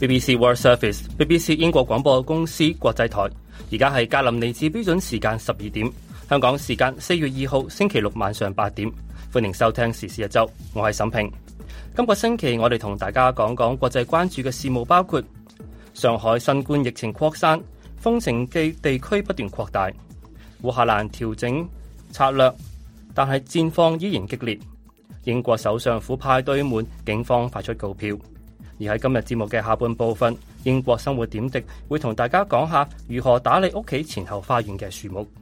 BBC World Service，BBC 英國廣播公司國際台。而家係格林尼治標準時間十二點，香港時間四月二號星期六晚上八點。歡迎收聽時事一周，我係沈平。今個星期我哋同大家講講國際關注嘅事務，包括上海新冠疫情擴散，封城嘅地區不斷擴大；烏克蘭調整策略，但係戰況依然激烈。英國首相府派對門，警方發出告票。而喺今日節目嘅下半部分，英國生活點滴會同大家講下如何打理屋企前後花園嘅樹木。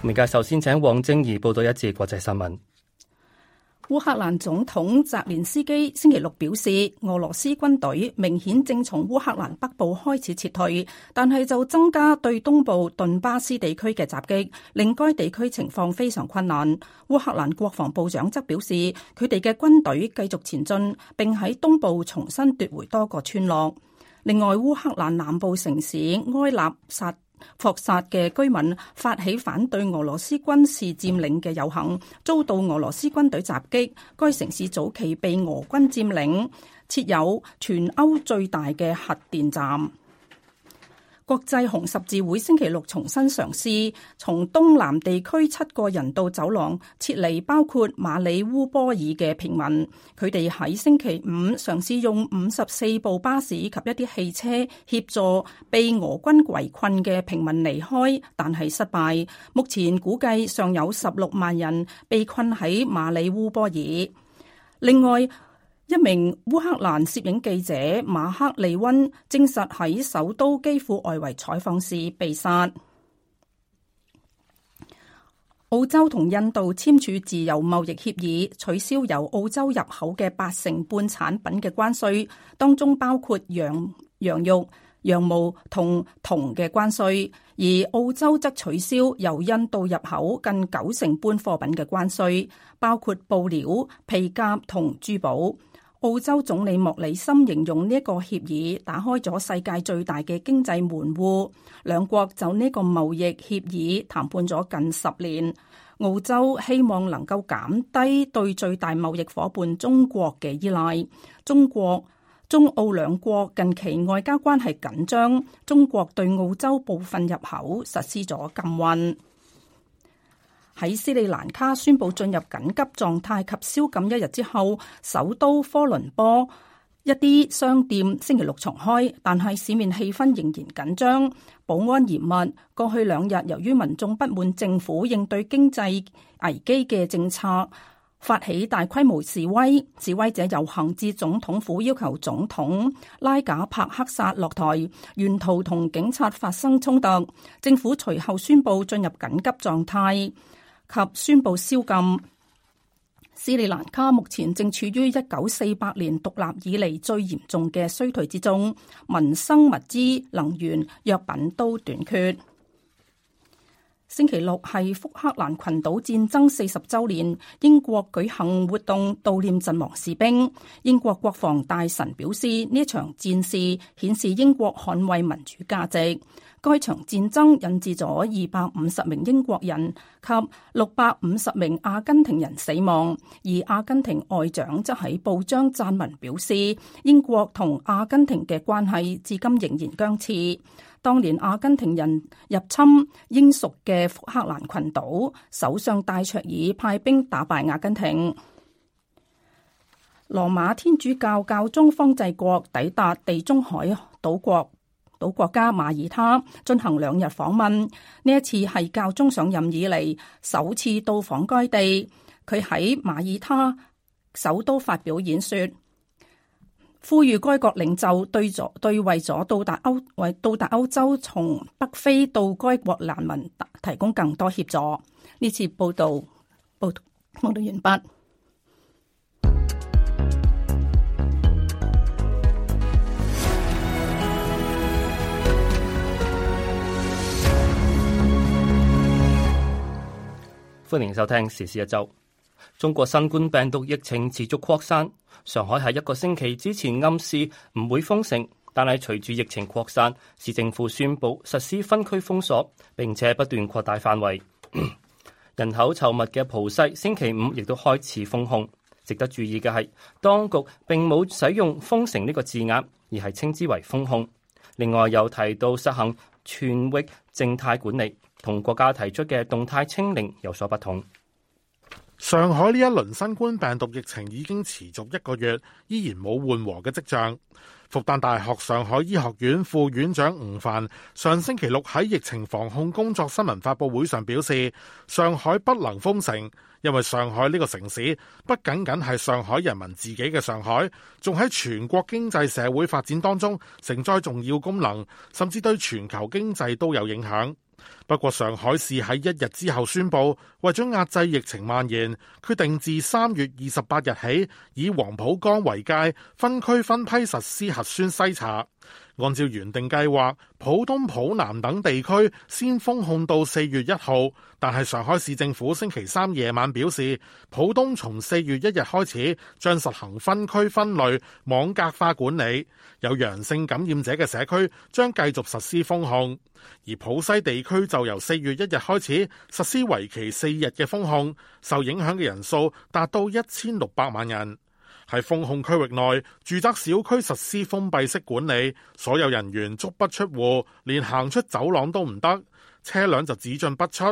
明家首先請黃晶怡報道一節國際新聞。烏克蘭總統澤連斯基星期六表示，俄羅斯軍隊明顯正從烏克蘭北部開始撤退，但係就增加對東部頓巴斯地區嘅襲擊，令該地區情況非常困難。烏克蘭國防部長則表示，佢哋嘅軍隊繼續前進，並喺東部重新奪回多個村落。另外，烏克蘭南部城市埃納薩。霍薩嘅居民發起反對俄羅斯軍事佔領嘅遊行，遭到俄羅斯軍隊襲擊。該城市早期被俄軍佔領，設有全歐最大嘅核電站。國際紅十字會星期六重新嘗試從東南地區七個人道走廊撤離，包括馬里烏波爾嘅平民。佢哋喺星期五嘗試用五十四部巴士及一啲汽車協助被俄軍圍困嘅平民離開，但係失敗。目前估計尚有十六萬人被困喺馬里烏波爾。另外。一名烏克蘭攝影記者馬克利溫證實喺首都基輔外圍採訪時被殺。澳洲同印度簽署自由貿易協議，取消由澳洲入口嘅八成半產品嘅關稅，當中包括羊羊肉、羊毛同銅嘅關稅；而澳洲則取消由印度入口近九成半貨品嘅關稅，包括布料、皮革同珠寶。澳洲總理莫里森形容呢一個協議打開咗世界最大嘅經濟門戶。兩國就呢個貿易協議談判咗近十年。澳洲希望能夠減低對最大貿易伙伴中國嘅依賴。中國、中澳兩國近期外交關係緊張，中國對澳洲部分入口實施咗禁運。喺斯里蘭卡宣布進入緊急狀態及宵禁一日之後，首都科倫波一啲商店星期六重開，但係市面氣氛仍然緊張，保安嚴密。過去兩日，由於民眾不滿政府應對經濟危機嘅政策，發起大規模示威，示威者遊行至總統府，要求總統拉賈帕克薩落台，沿途同警察發生衝突。政府隨後宣布進入緊急狀態。及宣布宵禁。斯里蘭卡目前正處於一九四八年獨立以嚟最嚴重嘅衰退之中，民生物資、能源、藥品都短缺。星期六係福克蘭群島戰爭四十周年，英國舉行活動悼念陣亡士兵。英國國防大臣表示，呢一場戰事顯示英國捍衛民主價值。該場戰爭引致咗二百五十名英國人及六百五十名阿根廷人死亡，而阿根廷外長則喺報章撰文表示，英國同阿根廷嘅關係至今仍然僵持。當年阿根廷人入侵英屬嘅福克蘭群島，首相戴卓爾派兵打敗阿根廷。羅馬天主教教宗方濟各抵達地中海島國到國家馬爾他進行兩日訪問，呢一次係教宗上任以嚟首次到訪該地。佢喺馬爾他首都發表演說，呼籲該國領袖對咗對為咗到達歐為到達歐洲從北非到該國難民提供更多協助。呢次報導，報道報道完畢。歡迎收聽時事一周。中國新冠病毒疫情持續擴散，上海喺一個星期之前暗示唔會封城，但係隨住疫情擴散，市政府宣布實施分區封鎖，並且不斷擴大範圍。咳咳人口稠密嘅浦西，星期五亦都開始封控。值得注意嘅係，當局並冇使用封城呢個字眼，而係稱之為封控。另外又提到實行全域靜態管理。同國家提出嘅動態清零有所不同。上海呢一輪新冠病毒疫情已經持續一個月，依然冇緩和嘅跡象。復旦大學上海醫學院副院長吳凡上星期六喺疫情防控工作新聞發布會上表示，上海不能封城，因為上海呢個城市不僅僅係上海人民自己嘅上海，仲喺，全國經濟社會發展當中承載重要功能，甚至對全球經濟都有影響。不過上海市喺一日之後宣布，為咗壓制疫情蔓延，決定自三月二十八日起，以黃浦江為界，分區分批實施核酸篩查。按照原定計劃，浦東、浦南等地區先封控到四月一號，但係上海市政府星期三夜晚表示，浦東從四月一日開始將實行分區分類網格化管理，有陽性感染者嘅社區將繼續實施封控，而浦西地區就。就由四月一日開始實施為期四日嘅封控，受影響嘅人數達到一千六百萬人。喺封控區域內，住宅小區實施封閉式管理，所有人員足不出戶，連行出走廊都唔得，車輛就只進不出。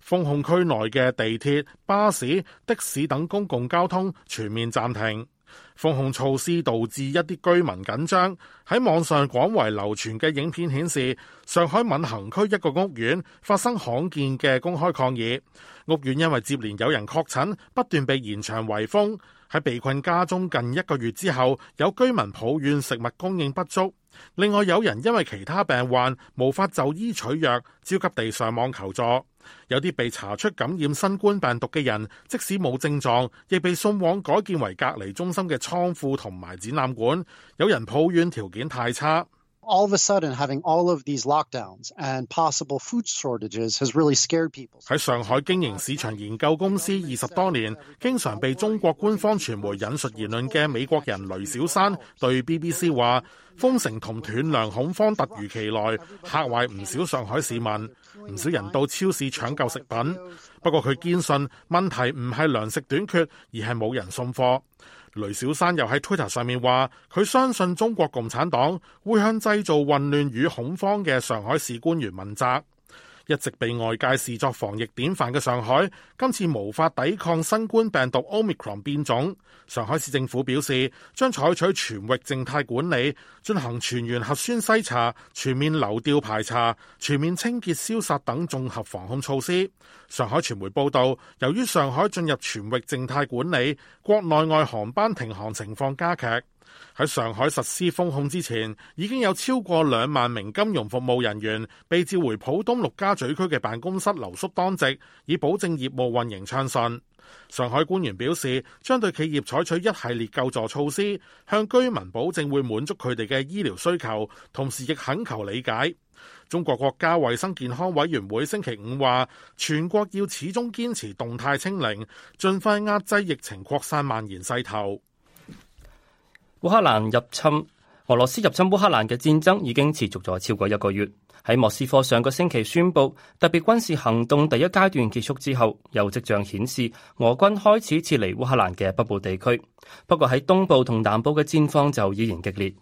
封控區內嘅地鐵、巴士、的士等公共交通全面暫停。防控措施導致一啲居民緊張，喺網上廣為流傳嘅影片顯示，上海閔行區一個屋苑發生罕見嘅公開抗議。屋苑因為接連有人確診，不斷被延長圍封。喺被困家中近一個月之後，有居民抱怨食物供應不足。另外，有人因為其他病患無法就醫取藥，焦急地上網求助。有啲被查出感染新冠病毒嘅人，即使冇症狀，亦被送往改建為隔離中心嘅倉庫同埋展覽館。有人抱怨條件太差。喺上海經營市場研究公司二十多年，經常被中國官方傳媒引述言論嘅美國人雷小山對 BBC 話：封城同斷糧恐慌突如其來，嚇壞唔少上海市民，唔少人到超市搶購食品。不過佢堅信問題唔係糧食短缺，而係冇人送貨。雷小山又喺 Twitter 上面話，佢相信中國共產黨會向製造混亂與恐慌嘅上海市官員問責。一直被外界視作防疫典範嘅上海，今次無法抵抗新冠病毒 Omicron 變種，上海市政府表示，將採取全域靜態管理，進行全員核酸篩查、全面流調排查、全面清潔消殺等綜合防控措施。上海傳媒報道，由於上海進入全域靜態管理，國內外航班停航情況加劇。喺上海實施封控之前，已經有超過兩萬名金融服務人員被召回浦東陸家嘴區嘅辦公室留宿當值，以保證業務運營暢順。上海官員表示，將對企業採取一系列救助措施，向居民保證會滿足佢哋嘅醫療需求，同時亦懇求理解。中國國家衛生健康委員會星期五話，全國要始終堅持動態清零，盡快壓制疫情擴散蔓延勢頭。烏克蘭入侵俄羅斯入侵烏克蘭嘅戰爭已經持續咗超過一個月。喺莫斯科上個星期宣布特別軍事行動第一階段結束之後，有跡象顯示俄軍開始撤離烏克蘭嘅北部地區。不過喺東部同南部嘅戰況就依然激烈。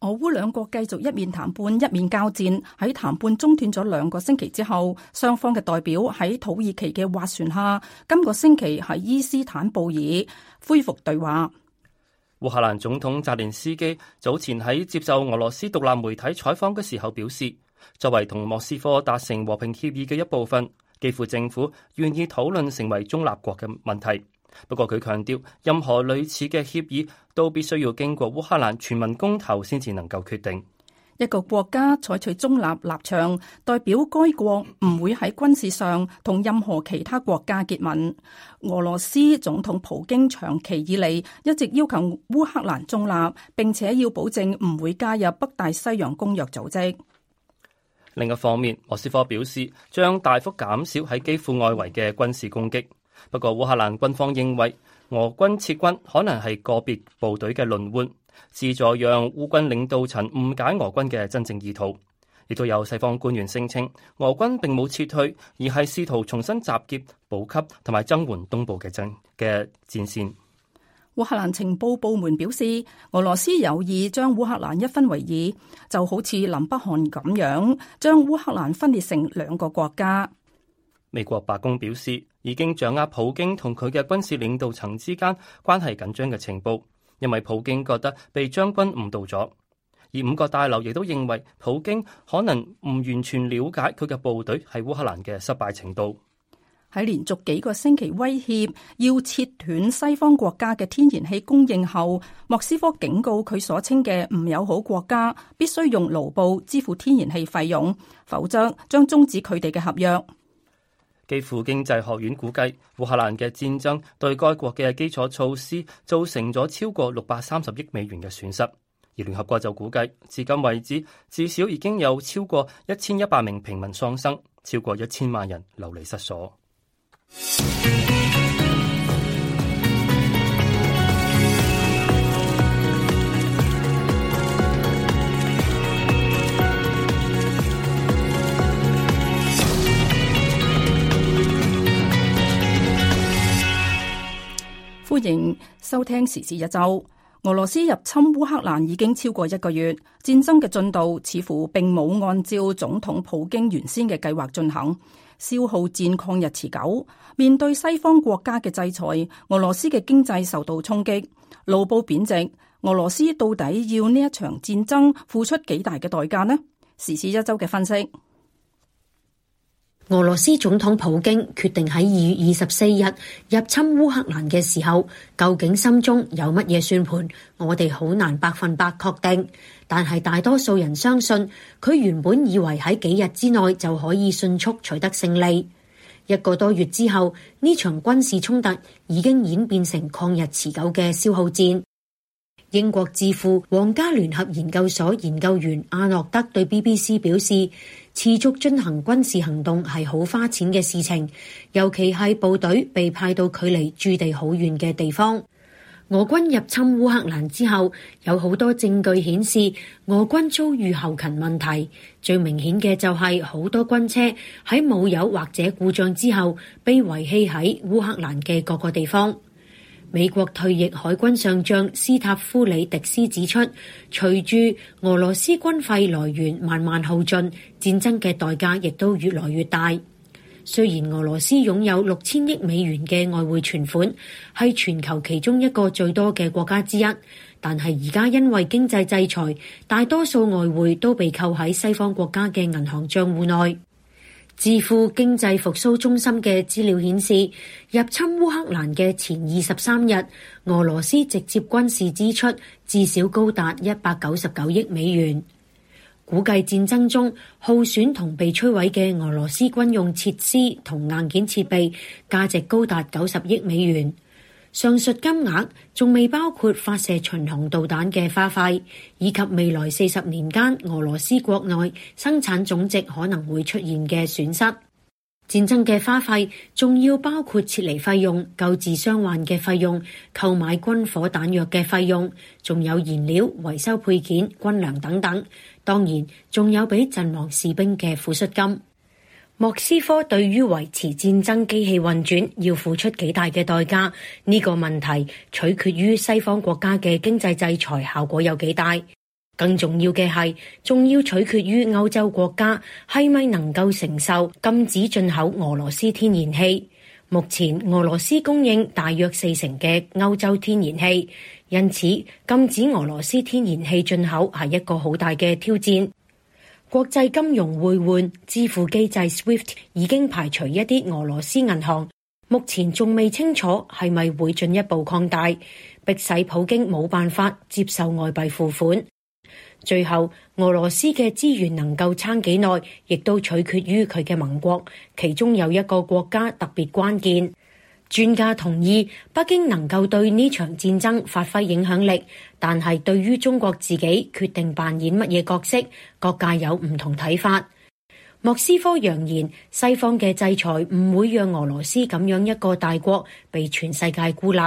俄烏兩國繼續一面談判一面交戰。喺談判中斷咗兩個星期之後，雙方嘅代表喺土耳其嘅斡旋下，今個星期喺伊斯坦布爾恢復對話。烏克蘭總統澤連斯基早前喺接受俄羅斯獨立媒體採訪嘅時候表示，作為同莫斯科達成和平協議嘅一部分，基輔政府願意討論成為中立國嘅問題。不過佢強調，任何類似嘅協議都必須要經過烏克蘭全民公投先至能夠決定。一個國家採取中立立場，代表該國唔會喺軍事上同任何其他國家結盟。俄羅斯總統普京長期以嚟一直要求烏克蘭中立，並且要保證唔會加入北大西洋公約組織。另一方面，莫斯科表示將大幅減少喺基輔外圍嘅軍事攻擊。不過，烏克蘭軍方認為俄軍撤軍可能係個別部隊嘅輪換。協助讓烏軍領導層誤解俄軍嘅真正意圖，亦都有西方官員聲稱，俄軍並冇撤退，而係試圖重新集結補給同埋增援東部嘅陣嘅戰線。烏克蘭情報部門表示，俄羅斯有意將烏克蘭一分為二，就好似南北韓咁樣，將烏克蘭分裂成兩個國家。美國白宮表示，已經掌握普京同佢嘅軍事領導層之間關係緊張嘅情報。因為普京覺得被將軍誤導咗，而五角大樓亦都認為普京可能唔完全了解佢嘅部隊系烏克蘭嘅失敗程度。喺連續幾個星期威脅要切斷西方國家嘅天然氣供應後，莫斯科警告佢所稱嘅唔友好國家必須用盧布支付天然氣費用，否則將終止佢哋嘅合約。基輔經濟學院估計，烏克蘭嘅戰爭對該國嘅基礎措施造成咗超過六百三十億美元嘅損失，而聯合國就估計，至今為止至少已經有超過一千一百名平民喪生，超過一千萬人流離失所。歡迎收聽時事一周。俄羅斯入侵烏克蘭已經超過一個月，戰爭嘅進度似乎並冇按照總統普京原先嘅計劃進行，消耗戰曠日持久。面對西方國家嘅制裁，俄羅斯嘅經濟受到衝擊，盧布貶值。俄羅斯到底要呢一場戰爭付出幾大嘅代價呢？時事一周嘅分析。俄羅斯總統普京決定喺二月二十四日入侵烏克蘭嘅時候，究竟心中有乜嘢算盤，我哋好難百分百確定。但係大多數人相信，佢原本以為喺幾日之內就可以迅速取得勝利。一個多月之後，呢場軍事衝突已經演變成曠日持久嘅消耗戰。英國智庫皇家聯合研究所研究員阿諾德對 BBC 表示：持續進行軍事行動係好花錢嘅事情，尤其係部隊被派到距離駐地好遠嘅地方。俄軍入侵烏克蘭之後，有好多證據顯示俄軍遭遇後勤問題，最明顯嘅就係好多軍車喺冇油或者故障之後被遺棄喺烏克蘭嘅各個地方。美國退役海軍上將斯塔夫里迪斯指出，隨住俄羅斯軍費來源慢慢耗盡，戰爭嘅代價亦都越來越大。雖然俄羅斯擁有六千億美元嘅外匯存款，係全球其中一個最多嘅國家之一，但係而家因為經濟制裁，大多數外匯都被扣喺西方國家嘅銀行帳戶內。智庫經濟復甦中心嘅資料顯示，入侵烏克蘭嘅前二十三日，俄羅斯直接軍事支出至少高達一百九十九億美元。估計戰爭中耗損同被摧毀嘅俄羅斯軍用設施同硬件設備價值高達九十億美元。上述金額仲未包括發射巡航導彈嘅花費，以及未來四十年間俄羅斯國內生產總值可能會出現嘅損失。戰爭嘅花費仲要包括撤離費用、救治傷患嘅費用、購買軍火彈藥嘅費用，仲有燃料、維修配件、軍糧等等。當然，仲有俾陣亡士兵嘅撫恤金。莫斯科對於維持戰爭機器運轉要付出幾大嘅代價，呢個問題取決於西方國家嘅經濟制裁效果有幾大，更重要嘅係仲要取決於歐洲國家係咪能夠承受禁止進口俄羅斯天然氣。目前俄羅斯供應大約四成嘅歐洲天然氣，因此禁止俄羅斯天然氣進口係一個好大嘅挑戰。國際金融匯換支付機制 SWIFT 已經排除一啲俄羅斯銀行，目前仲未清楚係咪會進一步擴大，迫使普京冇辦法接受外幣付款。最後，俄羅斯嘅資源能夠撐幾耐，亦都取決於佢嘅盟國，其中有一個國家特別關鍵。專家同意北京能夠對呢場戰爭發揮影響力，但係對於中國自己決定扮演乜嘢角色，各界有唔同睇法。莫斯科揚言西方嘅制裁唔會讓俄羅斯咁樣一個大國被全世界孤立，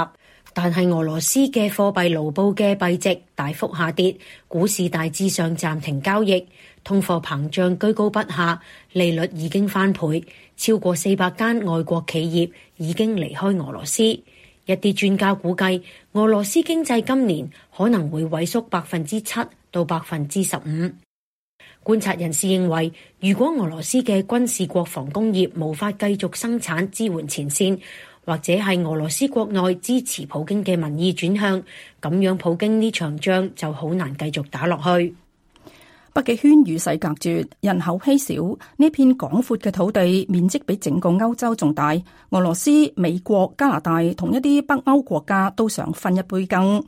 但係俄羅斯嘅貨幣盧布嘅幣值大幅下跌，股市大致上暫停交易，通貨膨脹居高不下，利率已經翻倍。超過四百間外國企業已經離開俄羅斯，一啲專家估計，俄羅斯經濟今年可能會萎縮百分之七到百分之十五。觀察人士認為，如果俄羅斯嘅軍事國防工業無法繼續生產支援前線，或者係俄羅斯國內支持普京嘅民意轉向，咁樣普京呢場仗就好難繼續打落去。北極圈與世隔絕，人口稀少。呢片廣闊嘅土地面積比整個歐洲仲大。俄羅斯、美國、加拿大同一啲北歐國家都想分一杯羹。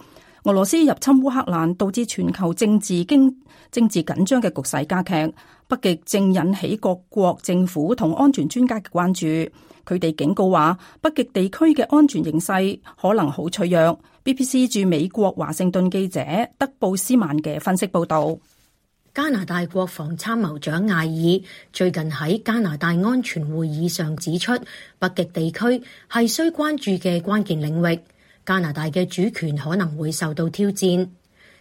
俄羅斯入侵烏克蘭，導致全球政治經政治緊張嘅局勢加劇。北極正引起各國政府同安全專家嘅關注。佢哋警告話，北極地區嘅安全形勢可能好脆弱。BBC 駐美國華盛頓記者德布斯曼嘅分析報道。加拿大國防參謀長艾爾最近喺加拿大安全會議上指出，北極地區係需關注嘅關鍵領域，加拿大嘅主權可能會受到挑戰。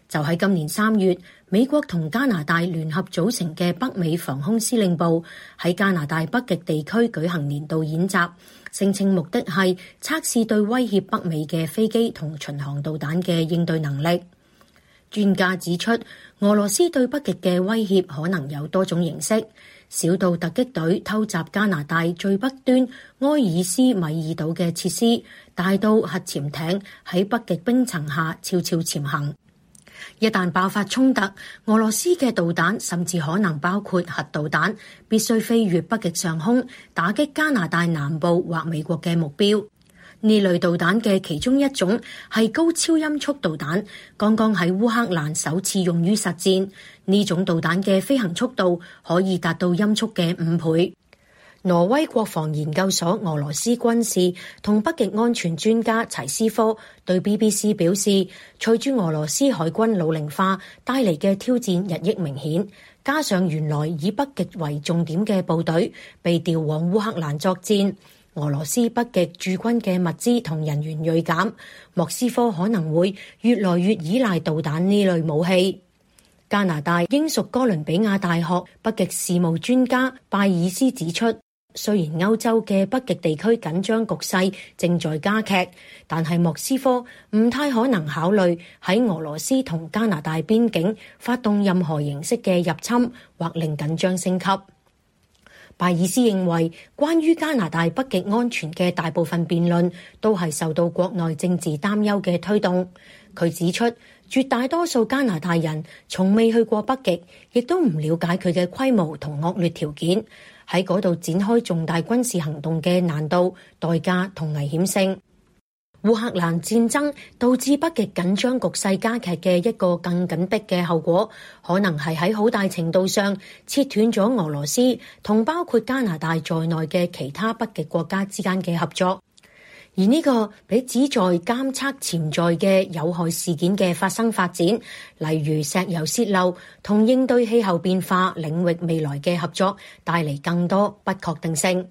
就喺今年三月，美國同加拿大聯合組成嘅北美防空司令部喺加拿大北極地區舉行年度演習，聲稱目的係測試對威脅北美嘅飛機同巡航導彈嘅應對能力。專家指出，俄羅斯對北極嘅威脅可能有多種形式，小到突擊隊偷襲加拿大最北端埃爾斯米爾島嘅設施，大到核潛艇喺北極冰層下悄悄潛行。一旦爆發衝突，俄羅斯嘅導彈甚至可能包括核導彈，必須飛越北極上空，打擊加拿大南部或美國嘅目標。呢類導彈嘅其中一種係高超音速導彈，剛剛喺烏克蘭首次用於實戰。呢種導彈嘅飛行速度可以達到音速嘅五倍。挪威國防研究所、俄羅斯軍事同北極安全專家齊斯科對 BBC 表示，隨住俄羅斯海軍老齡化帶嚟嘅挑戰日益明顯，加上原來以北極為重點嘅部隊被調往烏克蘭作戰。俄羅斯北極駐軍嘅物資同人員銳減，莫斯科可能會越來越依賴導彈呢類武器。加拿大英屬哥倫比亞大學北極事務專家拜爾斯指出，雖然歐洲嘅北極地區緊張局勢正在加劇，但係莫斯科唔太可能考慮喺俄羅斯同加拿大邊境發動任何形式嘅入侵或令緊張升級。拜爾斯認為，關於加拿大北極安全嘅大部分辯論，都係受到國內政治擔憂嘅推動。佢指出，絕大多數加拿大人從未去過北極，亦都唔了解佢嘅規模同惡劣條件，喺嗰度展開重大軍事行動嘅難度、代價同危險性。烏克蘭戰爭導致北極緊張局勢加劇嘅一個更緊迫嘅後果，可能係喺好大程度上切斷咗俄羅斯同包括加拿大在內嘅其他北極國家之間嘅合作，而呢個俾旨在監測潛在嘅有害事件嘅發生發展，例如石油泄漏同應對氣候變化領域未來嘅合作，帶嚟更多不確定性。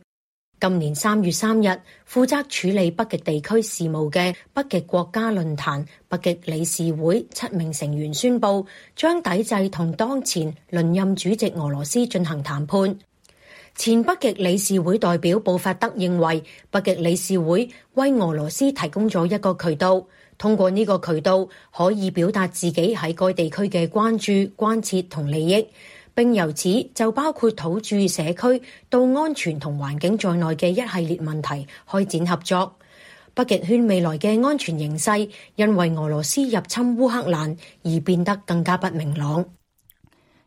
今年三月三日，負責處理北極地區事務嘅北極國家論壇北極理事會七名成員宣布，將抵制同當前輪任主席俄羅斯進行談判。前北極理事會代表布法德認為，北極理事會為俄羅斯提供咗一個渠道，通過呢個渠道可以表達自己喺該地區嘅關注、關切同利益。並由此就包括土著社區到安全同環境在內嘅一系列問題開展合作。北極圈未來嘅安全形勢因為俄羅斯入侵烏克蘭而變得更加不明朗。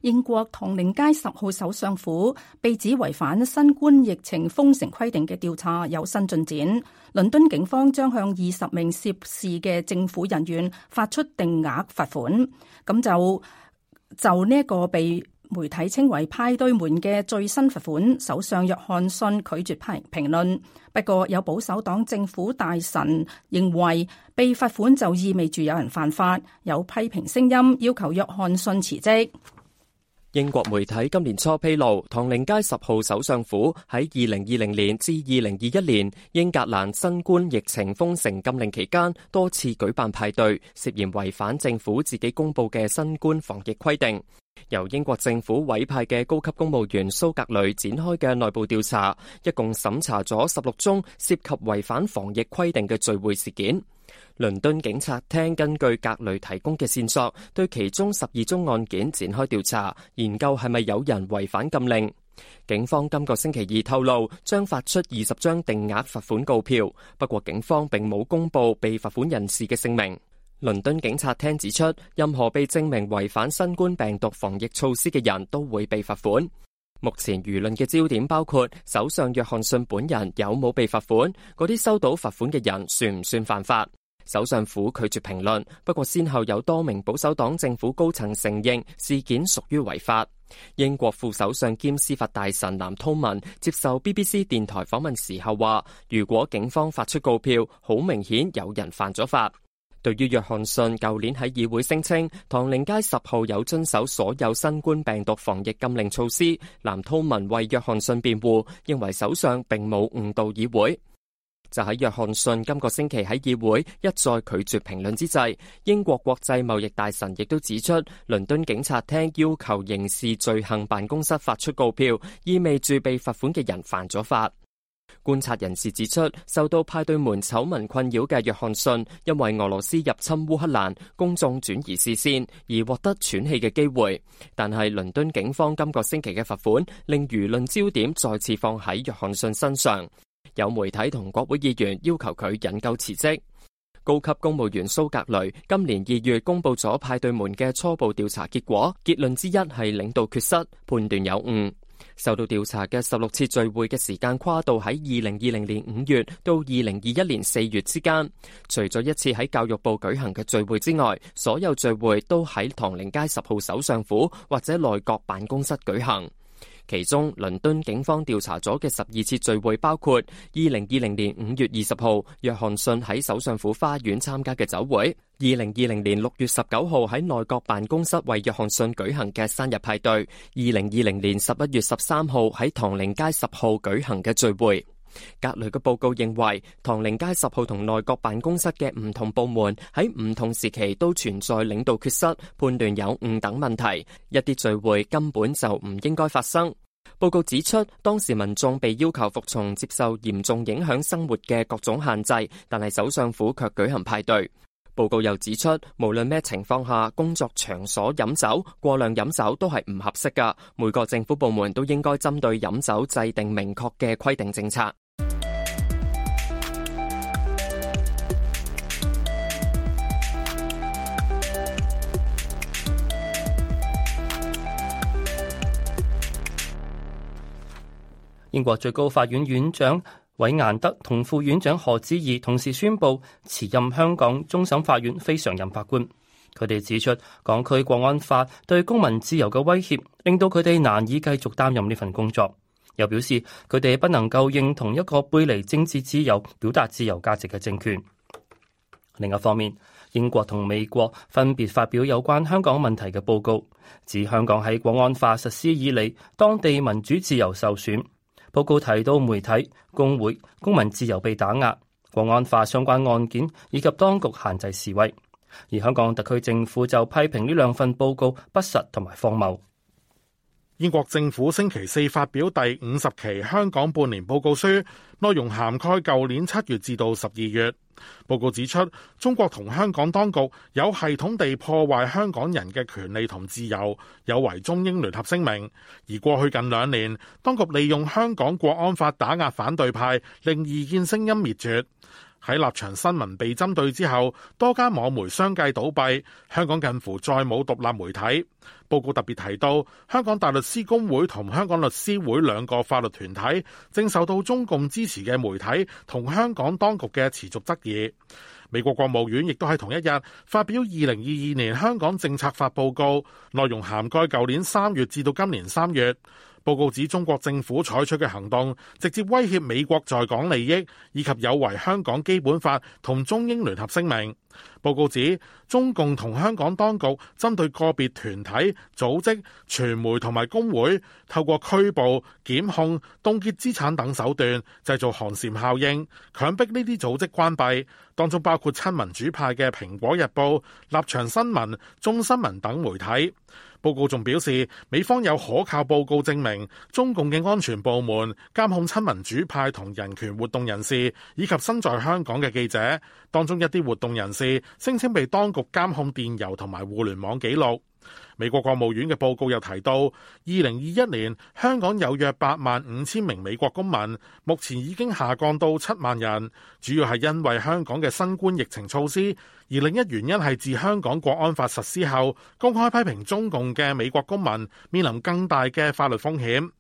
英國唐寧街十號首相府被指違反新冠疫情封城規定嘅調查有新進展。倫敦警方將向二十名涉事嘅政府人員發出定額罰款。咁就就呢個被媒體稱為派對門嘅最新罰款，首相約翰遜拒絕評論。不過有保守黨政府大臣認為，被罰款就意味住有人犯法。有批評聲音要求約翰遜辭職。英國媒體今年初披露，唐寧街十號首相府喺二零二零年至二零二一年英格蘭新冠疫情封城禁令期間，多次舉辦派對，涉嫌違反政府自己公布嘅新冠防疫規定。由英國政府委派嘅高級公務員蘇格雷展開嘅內部調查，一共審查咗十六宗涉及違反防疫規定嘅聚會事件。倫敦警察廳根據格雷提供嘅線索，對其中十二宗案件展開調查，研究係咪有人違反禁令。警方今個星期二透露，將發出二十張定額罰款告票，不過警方並冇公佈被罰款人士嘅姓名。倫敦警察廳指出，任何被證明違反新冠病毒防疫措施嘅人都會被罰款。目前輿論嘅焦點包括首相約翰遜本人有冇被罰款，嗰啲收到罰款嘅人算唔算犯法？首相府拒絕評論。不過，先後有多名保守黨政府高層承認事件屬於違法。英國副首相兼司法大臣藍韜文接受 BBC 電台訪問時候話，如果警方發出告票，好明顯有人犯咗法。對於約翰遜舊年喺議會聲稱唐寧街十號有遵守所有新冠病毒防疫禁令措施，南濤文為約翰遜辯護，認為首相並冇誤導議會。就喺約翰遜今個星期喺議會一再拒絕評論之際，英國國際貿易大臣亦都指出，倫敦警察廳要求刑事罪行辦公室發出告票，意味住被罰款嘅人犯咗法。觀察人士指出，受到派對門醜聞困擾嘅約翰遜，因為俄羅斯入侵烏克蘭，公眾轉移視線而獲得喘氣嘅機會。但係倫敦警方今個星期嘅罰款，令輿論焦點再次放喺約翰遜身上。有媒體同國會議員要求佢引咎辭職。高級公務員蘇格雷今年二月公佈咗派對門嘅初步調查結果，結論之一係領導缺失、判斷有誤。受到調查嘅十六次聚會嘅時間跨度喺二零二零年五月到二零二一年四月之間，除咗一次喺教育部舉行嘅聚會之外，所有聚會都喺唐寧街十號首相府或者內閣辦公室舉行。其中，倫敦警方調查咗嘅十二次聚會，包括二零二零年五月二十號約翰遜喺首相府花園參加嘅酒會，二零二零年六月十九號喺內閣辦公室為約翰遜舉行嘅生日派對，二零二零年十一月十三號喺唐寧街十號舉行嘅聚會。格雷嘅報告認為，唐寧街十號同內閣辦公室嘅唔同部門喺唔同時期都存在領導缺失、判斷有誤等問題。一啲聚會根本就唔應該發生。報告指出，當時民眾被要求服從、接受嚴重影響生活嘅各種限制，但係首相府卻舉行派對。報告又指出，無論咩情況下，工作場所飲酒、過量飲酒都係唔合適㗎。每個政府部門都應該針對飲酒制定明確嘅規定政策。英國最高法院院長韋彥德同副院長賀知義同時宣布辭任香港終審法院非常任法官。佢哋指出，港區國安法對公民自由嘅威脅，令到佢哋難以繼續擔任呢份工作。又表示，佢哋不能夠認同一個背離政治自由、表達自由價值嘅政權。另一方面，英國同美國分別發表有關香港問題嘅報告，指香港喺國安法實施以嚟，當地民主自由受損。報告提到媒體、工會、公民自由被打壓、國安法相關案件以及當局限制示威，而香港特區政府就批評呢兩份報告不實同埋荒謬。英國政府星期四發表第五十期香港半年報告書，內容涵蓋舊年七月至到十二月。報告指出，中國同香港當局有系統地破壞香港人嘅權利同自由，有違中英聯合聲明。而過去近兩年，當局利用香港國安法打壓反對派，令異見聲音滅絕。喺立場新聞被針對之後，多家網媒相繼倒閉，香港近乎再冇獨立媒體。報告特別提到，香港大律師公會同香港律師會兩個法律團體正受到中共支持嘅媒體同香港當局嘅持續質疑。美國國務院亦都喺同一日發表二零二二年香港政策法報告，內容涵蓋舊年三月至到今年三月。報告指中國政府採取嘅行動，直接威脅美國在港利益，以及有違香港基本法同中英聯合聲明。報告指中共同香港當局針對個別團體、組織、傳媒同埋工會，透過拘捕、檢控、凍結資產等手段，製造寒蟬效應，強迫呢啲組織關閉，當中包括親民主派嘅《蘋果日報》、《立場新聞》、《眾新聞》等媒體。報告仲表示，美方有可靠報告證明中共嘅安全部門監控親民主派同人權活動人士，以及身在香港嘅記者，當中一啲活動人士聲稱被當局監控電郵同埋互聯網記錄。美國國務院嘅報告又提到，二零二一年香港有約八萬五千名美國公民，目前已經下降到七萬人，主要係因為香港嘅新冠疫情措施，而另一原因係自香港國安法實施後，公開批評中共嘅美國公民面臨更大嘅法律風險。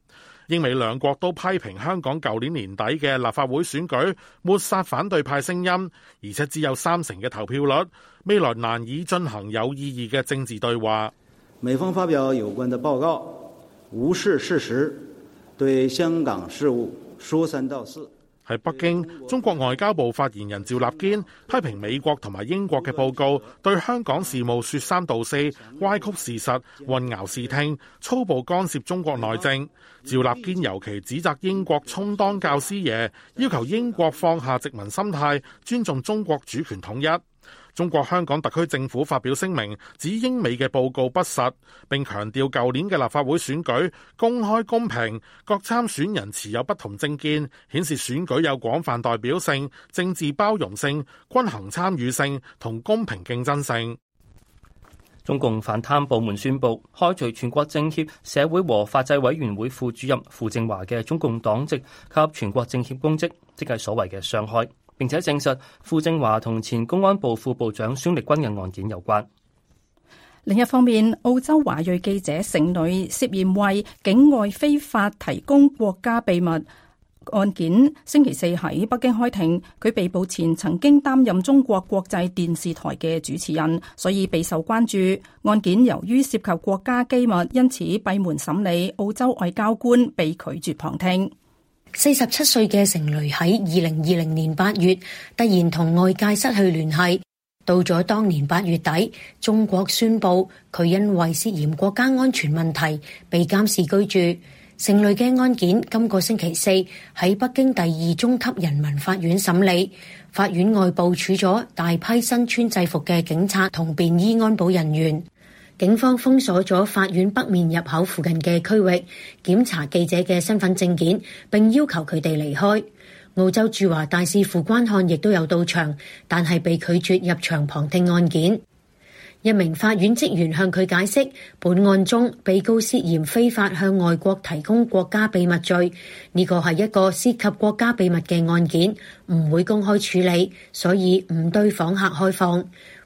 英美兩國都批評香港舊年年底嘅立法會選舉抹殺反對派聲音，而且只有三成嘅投票率，未來難以進行有意義嘅政治對話。美方發表有關嘅報告，無視事實，對香港事務說三道四。喺北京，中國外交部發言人趙立堅批評美國同埋英國嘅報告對香港事務説三道四、歪曲事實、混淆視聽、粗暴干涉中國內政。趙立堅尤其指責英國充當教師爺，要求英國放下殖民心態，尊重中國主權統一。中國香港特區政府發表聲明，指英美嘅報告不實，並強調舊年嘅立法會選舉公開公平，各參選人持有不同政見，顯示選舉有廣泛代表性、政治包容性、均衡參與性同公平競爭性。中共反貪部門宣布開除全國政協社會和法制委員會副主任傅政華嘅中共黨籍及全國政協公職，即係所謂嘅雙開。並且證實傅政華同前公安部副部長孫力軍嘅案件有關。另一方面，澳洲華裔記者成蕾涉嫌為境外非法提供國家祕密案件，星期四喺北京開庭。佢被捕前曾經擔任中國國際電視台嘅主持人，所以備受關注。案件由於涉及國家機密，因此閉門審理。澳洲外交官被拒絕旁聽。四十七歲嘅成蕾喺二零二零年八月突然同外界失去聯繫，到咗當年八月底，中國宣布，佢因為涉嫌國家安全問題被監視居住。成蕾嘅案件今個星期四喺北京第二中級人民法院審理，法院外部署咗大批身穿制服嘅警察同便衣安保人員。警方封鎖咗法院北面入口附近嘅區域，檢查記者嘅身份證件，並要求佢哋離開。澳洲駐華大使傅關漢亦都有到場，但係被拒絕入場旁聽案件。一名法院職員向佢解釋，本案中被告涉嫌非法向外國提供國家秘密罪，呢個係一個涉及國家秘密嘅案件，唔會公開處理，所以唔對訪客開放。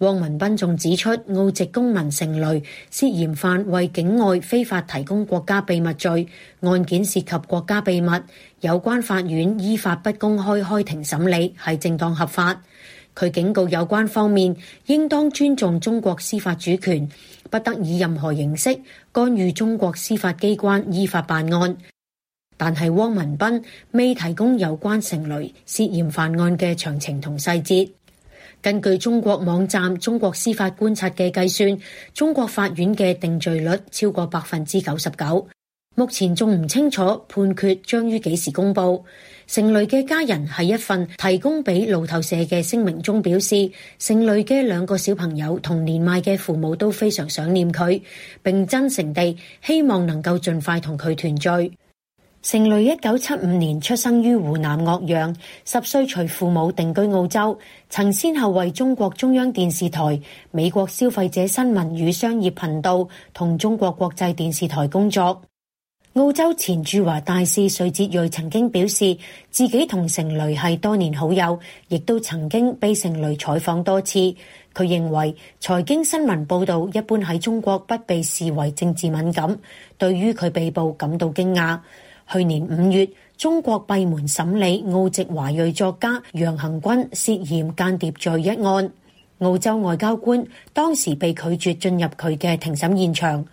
汪文斌仲指出，澳籍公民成蕾涉嫌犯為境外非法提供國家秘密罪案件涉及國家秘密，有關法院依法不公開開庭審理係正當合法。佢警告有關方面應當尊重中國司法主權，不得以任何形式干預中國司法機關依法辦案。但係汪文斌未提供有關成蕾涉嫌犯案嘅詳情同細節。根據中國網站《中國司法觀察》嘅計算，中國法院嘅定罪率超過百分之九十九。目前仲唔清楚判決將於幾時公布。成蕾嘅家人喺一份提供俾路透社嘅聲明中表示，成蕾嘅兩個小朋友同年邁嘅父母都非常想念佢，並真誠地希望能夠盡快同佢團聚。成蕾一九七五年出生於湖南岳陽，十歲隨父母定居澳洲，曾先後為中國中央電視台、美國消費者新聞與商業頻道同中國國際電視台工作。澳洲前駐華大使瑞哲瑞曾經表示，自己同成蕾係多年好友，亦都曾經被成蕾採訪多次。佢認為財經新聞報道一般喺中國不被視為政治敏感，對於佢被捕感到驚訝。去年五月，中國閉門審理澳籍華裔作家楊恆均涉嫌間諜罪一案，澳洲外交官當時被拒絕進入佢嘅庭審現場。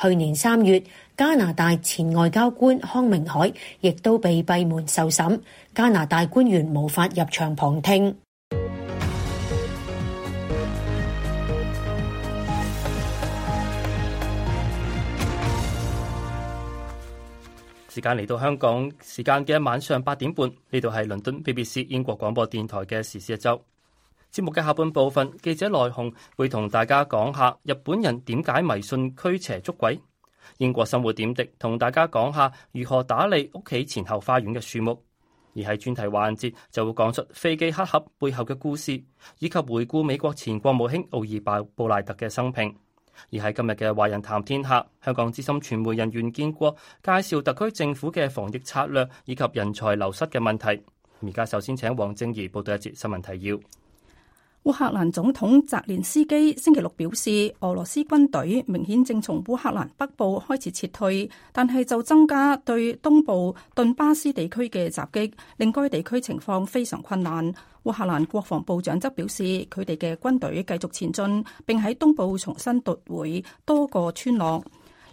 去年三月，加拿大前外交官康明凱亦都被閉門受審，加拿大官員無法入場旁聽。時間嚟到香港時間嘅晚上八點半，呢度係倫敦 BBC 英國廣播電台嘅《時事一周》節目嘅下半部分，記者來鴻會同大家講下日本人點解迷信驅邪捉鬼。英國生活點滴同大家講下如何打理屋企前後花園嘅樹木。而喺專題環節就會講出飛機黑盒背後嘅故事，以及回顧美國前國務卿奧爾布賴特嘅生平。而喺今日嘅《華人談天下》，香港資深傳媒人袁建國介紹特區政府嘅防疫策略以及人才流失嘅問題。而家首先請王正儀報道一節新聞提要。烏克蘭總統澤連斯基星期六表示，俄羅斯軍隊明顯正從烏克蘭北部開始撤退，但係就增加對東部頓巴斯地區嘅襲擊，令該地區情況非常困難。烏克蘭國防部長則表示，佢哋嘅軍隊繼續前進，並喺東部重新奪回多個村落。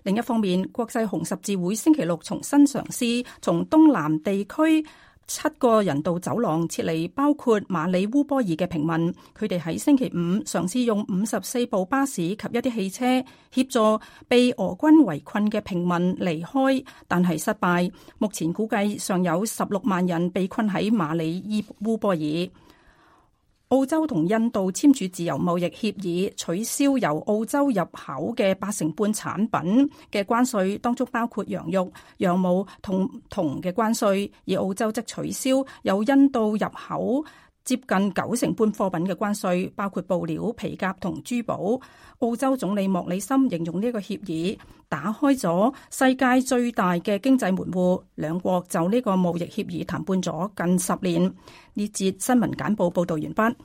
另一方面，國際紅十字會星期六重新嘗試從東南地區七個人道走廊撤離，包括馬里烏波爾嘅平民，佢哋喺星期五嘗試用五十四部巴士及一啲汽車協助被俄軍圍困嘅平民離開，但係失敗。目前估計尚有十六萬人被困喺馬里烏波爾。澳洲同印度簽署自由貿易協議，取消由澳洲入口嘅八成半產品嘅關稅，當中包括羊肉、羊毛同銅嘅關稅；而澳洲則取消由印度入口接近九成半貨品嘅關稅，包括布料、皮革同珠寶。澳洲總理莫里森形容呢個協議打開咗世界最大嘅經濟門戶。兩國就呢個貿易協議談判咗近十年。呢節新聞簡報報道完畢。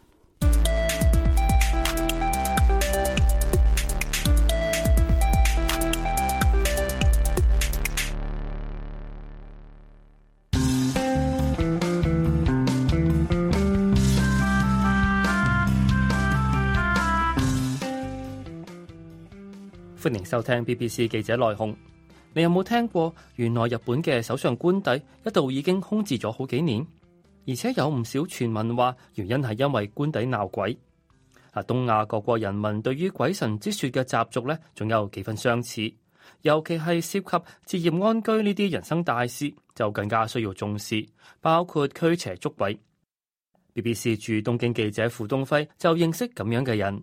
歡迎收聽 BBC 記者來鴻。你有冇聽過？原來日本嘅首相官邸一度已經空置咗好幾年，而且有唔少傳聞話原因係因為官邸鬧鬼。啊，東亞各國人民對於鬼神之說嘅習俗咧，仲有幾分相似。尤其係涉及置業安居呢啲人生大事，就更加需要重視，包括驅邪捉鬼。BBC 駐東京記者傅東輝就認識咁樣嘅人。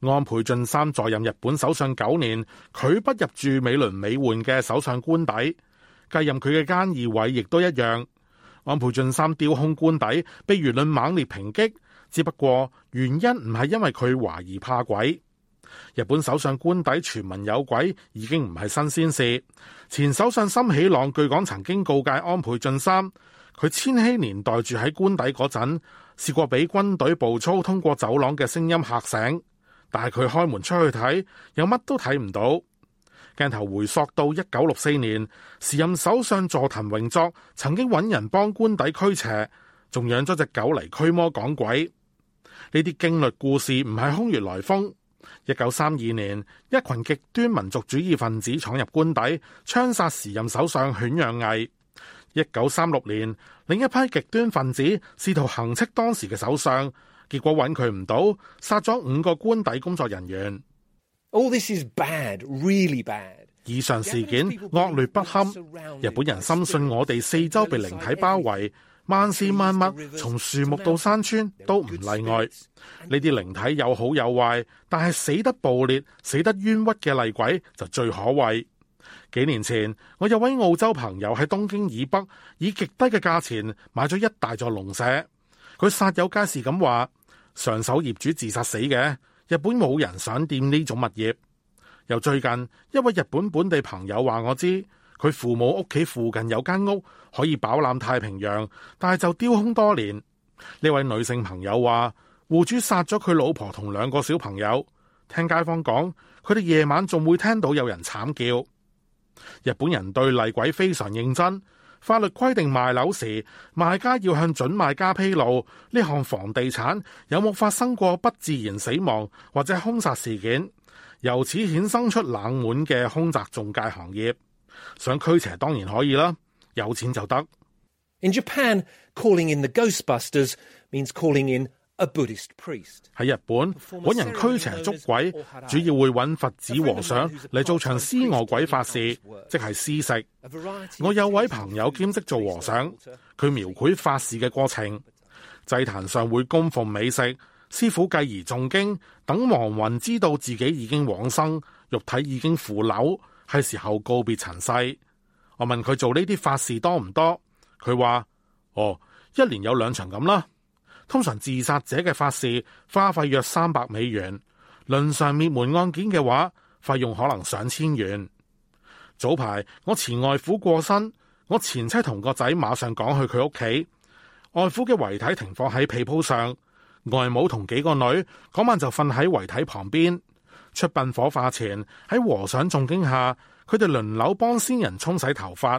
安倍晉三在任日本首相九年，佢不入住美輪美奐嘅首相官邸，繼任佢嘅菅義偉亦都一樣。安倍晉三調控官邸被輿論猛烈抨擊，只不過原因唔係因為佢懷疑怕鬼。日本首相官邸傳聞有鬼已經唔係新鮮事。前首相森喜朗據講曾經告誡安倍晉三，佢千禧年代住喺官邸嗰陣，試過俾軍隊步操通過走廊嘅聲音嚇醒。但係佢開門出去睇，又乜都睇唔到。鏡頭回溯到一九六四年，時任首相佐藤榮作曾經揾人幫官邸驅邪，仲養咗隻狗嚟驅魔趕鬼。呢啲驚慄故事唔係空穴來風。一九三二年，一群極端民族主義分子闖入官邸，槍殺時任首相犬養毅。一九三六年，另一批極端分子試圖行刺當時嘅首相。結果揾佢唔到，殺咗五個官邸工作人員。Oh, bad. Really bad. 以上事件惡劣不堪，日本人深信我哋四周被靈體包圍，萬事萬物從樹木到山川都唔例外。呢啲靈體有好有壞，但係死得暴烈、死得冤屈嘅厲鬼就最可畏。幾年前，我有位澳洲朋友喺東京以北，以極低嘅價錢買咗一大座農舍，佢煞有介事咁話。上手業主自殺死嘅，日本冇人想掂呢種物業。由最近一位日本本地朋友話我知，佢父母屋企附近有間屋可以飽覽太平洋，但係就丟空多年。呢位女性朋友話，戶主殺咗佢老婆同兩個小朋友。聽街坊講，佢哋夜晚仲會聽到有人慘叫。日本人對厲鬼非常認真。法律規定，賣樓時，賣家要向準買家披露呢項房地產有冇發生過不自然死亡或者兇殺事件，由此衍生出冷門嘅兇宅中介行業。想驅邪當然可以啦，有錢就得。In Japan, calling in the Ghostbusters means calling in. 喺日本，搵人驅邪捉鬼，主要會搵佛子和尚嚟做場施餓鬼法事，即係施食。我有位朋友兼職做和尚，佢描繪法事嘅過程。祭壇上會供奉美食，師傅繼而誦經，等亡魂知道自己已經往生，肉體已經腐朽，係時候告別塵世。我問佢做呢啲法事多唔多，佢話：哦，一年有兩場咁啦。通常自殺者嘅法事花費約三百美元，輪上滅門案件嘅話，費用可能上千元。早排我前外父過身，我前妻同個仔馬上趕去佢屋企。外父嘅遺體停放喺被鋪上，外母同幾個女嗰晚就瞓喺遺體旁邊。出殯火化前，喺和尚誦經下，佢哋輪流幫先人沖洗頭髮。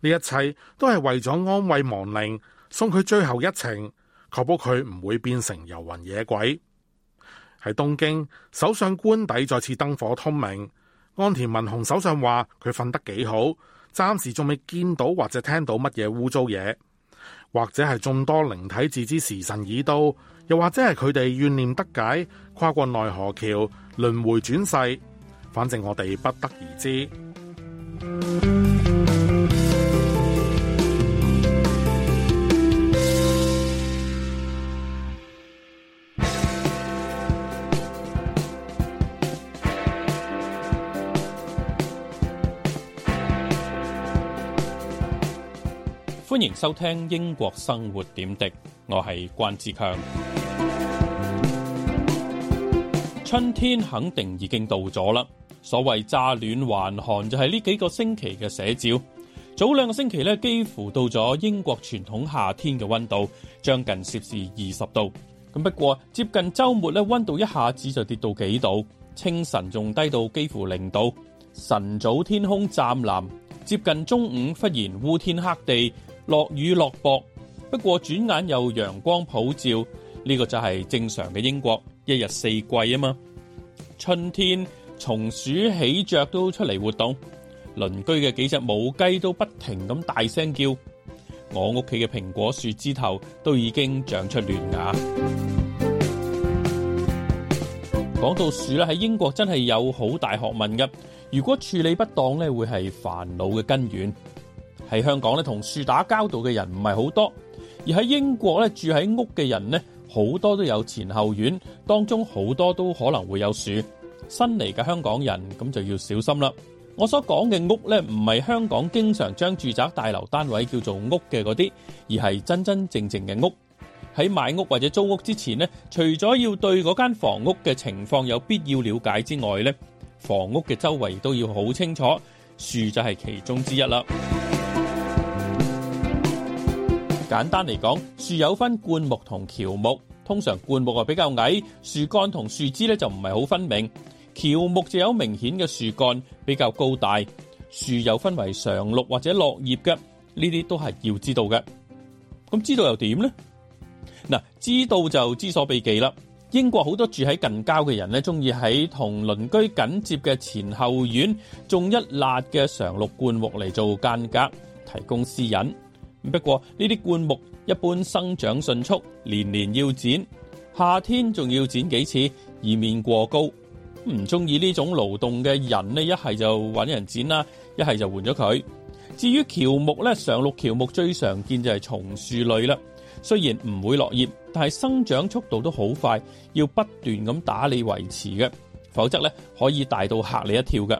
呢一切都係為咗安慰亡靈，送佢最後一程。確保佢唔會變成遊魂野鬼。喺東京，首相官邸再次燈火通明。岸田文雄首相話佢瞓得幾好，暫時仲未見到或者聽到乜嘢污糟嘢，或者係眾多靈體自知時辰已到，又或者係佢哋怨念得解，跨過奈何橋，輪迴轉世。反正我哋不得而知。收聽英國生活點滴，我係關志強。春天肯定已經到咗啦。所謂乍暖還寒，就係呢幾個星期嘅寫照。早兩個星期呢，幾乎到咗英國傳統夏天嘅溫度，將近攝氏二十度。咁不過接近周末呢，溫度一下子就跌到幾度，清晨仲低到幾乎零度。晨早天空湛藍，接近中午忽然烏天黑地，落雨落雹，不過轉眼又陽光普照，呢、這個就係正常嘅英國，一日四季啊嘛。春天，松鼠起雀都出嚟活動，鄰居嘅幾隻母雞都不停咁大聲叫。我屋企嘅蘋果樹枝頭都已經長出嫩芽。講到樹咧，喺英國真係有好大學問噶，如果處理不當呢，會係煩惱嘅根源。喺香港咧，同樹打交道嘅人唔係好多，而喺英國咧，住喺屋嘅人呢，好多都有前後院，當中好多都可能會有樹。新嚟嘅香港人咁就要小心啦。我所講嘅屋咧，唔係香港經常將住宅大樓單位叫做屋嘅嗰啲，而係真真正正嘅屋。喺買屋或者租屋之前呢，除咗要對嗰間房屋嘅情況有必要了解之外呢，房屋嘅周圍都要好清楚，樹就係其中之一啦。簡單嚟講，樹有分灌木同喬木，通常灌木啊比較矮，樹幹同樹枝咧就唔係好分明。喬木就有明顯嘅樹幹，比較高大。樹又分為常綠或者落葉嘅，呢啲都係要知道嘅。咁知道又點呢？嗱，知道就知所避忌啦。英國好多住喺近郊嘅人咧，中意喺同鄰居緊接嘅前後院種一辣嘅常綠灌木嚟做間隔，提供私隱。不過呢啲灌木一般生長迅速，年年要剪，夏天仲要剪幾次，以免過高。唔中意呢種勞動嘅人呢一係就搵人剪啦，一係就換咗佢。至於喬木呢，常綠喬木最常見就係松樹類啦。雖然唔會落葉，但係生長速度都好快，要不斷咁打理維持嘅，否則呢，可以大到吓你一跳嘅。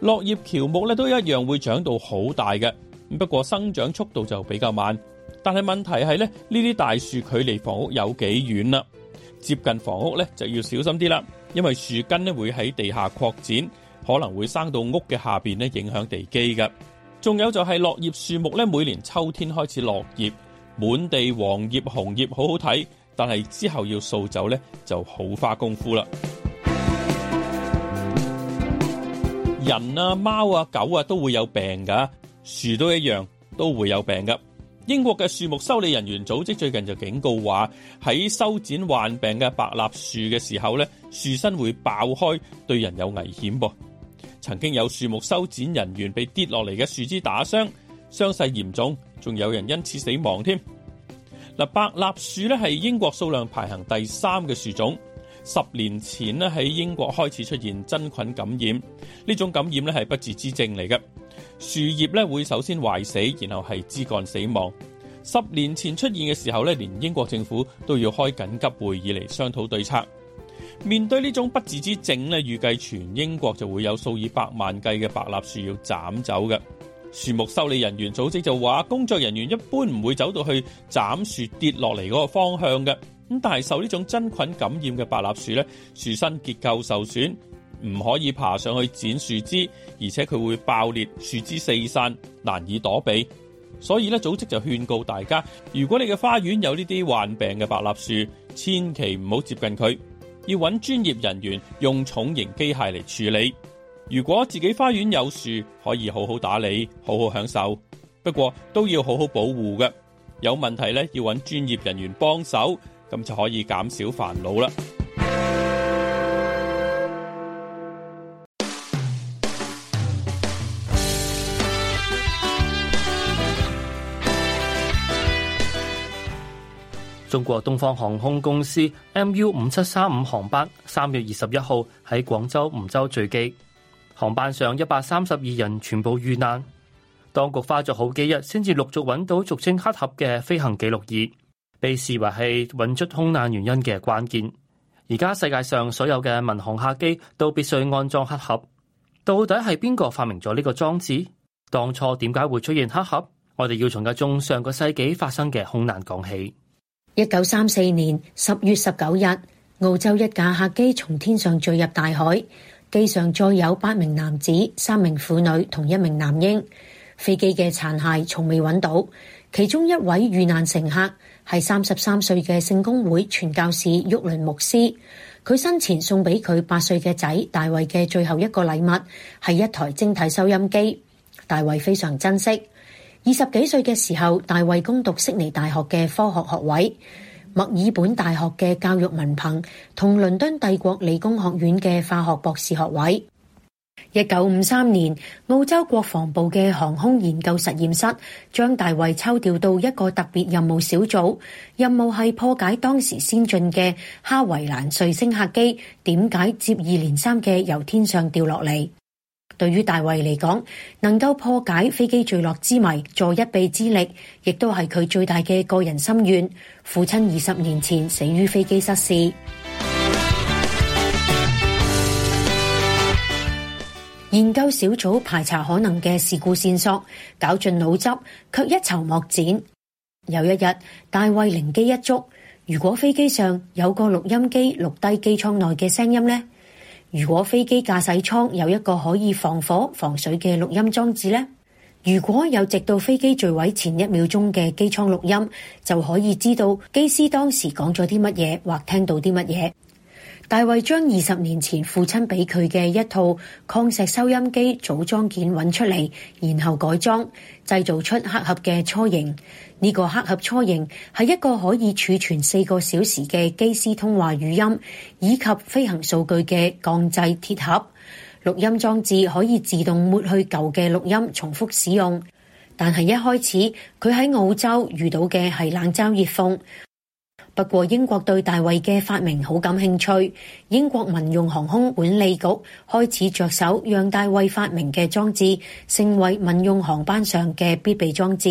落葉喬木呢都一樣會長到好大嘅。不過生長速度就比較慢，但係問題係咧，呢啲大樹距離房屋有幾遠啦？接近房屋咧就要小心啲啦，因為樹根咧會喺地下擴展，可能會生到屋嘅下邊咧，影響地基噶。仲有就係落葉樹木咧，每年秋天開始落葉，滿地黃葉紅葉，好好睇，但係之後要掃走咧就好花功夫啦。人啊，貓啊，狗啊，都會有病噶。樹都一樣都會有病嘅。英國嘅樹木修理人員組織最近就警告話，喺修剪患病嘅白蠟樹嘅時候呢，樹身會爆開，對人有危險噃。曾經有樹木修剪人員被跌落嚟嘅樹枝打傷，傷勢嚴重，仲有人因此死亡添。嗱，白蠟樹呢係英國數量排行第三嘅樹種。十年前呢，喺英國開始出現真菌感染，呢種感染呢係不治之症嚟嘅。樹葉咧會首先壞死，然後係枝幹死亡。十年前出現嘅時候咧，連英國政府都要開緊急會議嚟商討對策。面對呢種不治之症咧，預計全英國就會有數以百萬計嘅白蠟樹要斬走嘅。樹木修理人員組織就話，工作人員一般唔會走到去斬樹跌落嚟嗰個方向嘅。咁但係受呢種真菌感染嘅白蠟樹咧，樹身結構受損。唔可以爬上去剪樹枝，而且佢會爆裂，樹枝四散，難以躲避。所以咧，組織就勸告大家：如果你嘅花園有呢啲患病嘅白蠟樹，千祈唔好接近佢，要揾專業人員用重型機械嚟處理。如果自己花園有樹，可以好好打理，好好享受。不過都要好好保護嘅，有問題咧要揾專業人員幫手，咁就可以減少煩惱啦。中國東方航空公司 MU 五七三五航班三月二十一號喺廣州梧州墜機，航班上一百三十二人全部遇難。當局花咗好幾日，先至陸續揾到俗稱黑盒嘅飛行記錄儀，被視為係揾出空難原因嘅關鍵。而家世界上所有嘅民航客機都必須安裝黑盒。到底係邊個發明咗呢個裝置？當初點解會出現黑盒？我哋要從一宗上個世紀發生嘅空難講起。一九三四年十月十九日，澳洲一架客機從天上墜入大海，機上載有八名男子、三名婦女同一名男嬰。飛機嘅殘骸從未揾到，其中一位遇難乘客係三十三歲嘅聖公會傳教士沃倫牧師。佢生前送俾佢八歲嘅仔大衛嘅最後一個禮物係一台晶體收音機，大衛非常珍惜。二十幾歲嘅時候，大衛攻讀悉尼大學嘅科學學位、墨爾本大學嘅教育文憑同倫敦帝國理工學院嘅化學博士學位。一九五三年，澳洲國防部嘅航空研究實驗室將大衛抽調到一個特別任務小組，任務係破解當時先進嘅哈維蘭彗星客機，點解接二連三嘅由天上掉落嚟。對於大衛嚟講，能夠破解飛機墜落之謎，助一臂之力，亦都係佢最大嘅個人心願。父親二十年前死於飛機失事， 研究小組排查可能嘅事故線索，絞盡腦汁，卻一籌莫展。有一日，大衛靈機一觸：「如果飛機上有個錄音機，錄低機艙內嘅聲音呢？如果飛機駕駛艙有一個可以防火、防水嘅錄音裝置呢，如果有直到飛機墜毀前一秒鐘嘅機艙錄音，就可以知道機師當時講咗啲乜嘢，或聽到啲乜嘢。大衛將二十年前父親俾佢嘅一套礦石收音機組裝件揾出嚟，然後改裝，製造出黑盒嘅雛形。呢個黑盒雛形係一個可以儲存四個小時嘅機師通話語音以及飛行數據嘅鋼製鐵盒。錄音裝置可以自動抹去舊嘅錄音，重複使用。但係一開始佢喺澳洲遇到嘅係冷嘲熱諷。不過英國對大衛嘅發明好感興趣，英國民用航空管理局開始着手讓大衛發明嘅裝置成為民用航班上嘅必備裝置。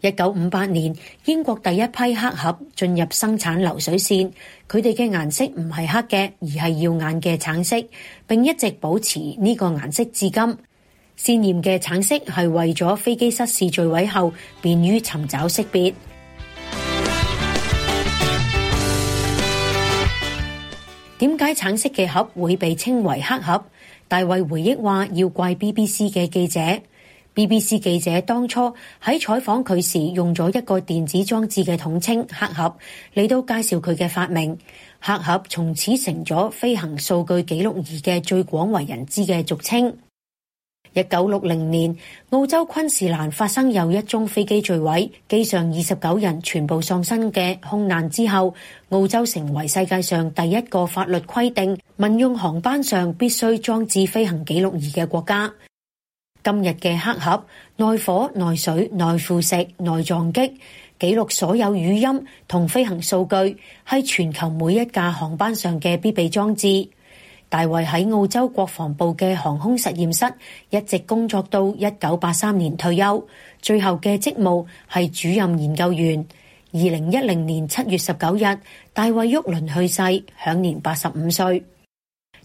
一九五八年，英國第一批黑盒進入生產流水線，佢哋嘅顏色唔係黑嘅，而係耀眼嘅橙色，並一直保持呢個顏色至今。鮮艷嘅橙色係為咗飛機失事墜毀後便於尋找識別。點解橙色嘅盒會被稱為黑盒？大衛回憶話，要怪 BBC 嘅記者。BBC 記者當初喺採訪佢時，用咗一個電子裝置嘅統稱黑盒嚟到介紹佢嘅發明。黑盒從此成咗飛行數據記錄儀嘅最廣為人知嘅俗稱。一九六零年，澳洲昆士蘭發生又一宗飛機墜毀，機上二十九人全部喪生嘅空難之後，澳洲成為世界上第一個法律規定民用航班上必須裝置飛行記錄儀嘅國家。今日嘅黑盒耐火、耐水、耐腐蝕、耐撞擊，記錄所有語音同飛行數據，係全球每一架航班上嘅必備裝置。大衛喺澳洲國防部嘅航空實驗室一直工作到一九八三年退休，最後嘅職務係主任研究員。二零一零年七月十九日，大衛沃倫去世，享年八十五歲。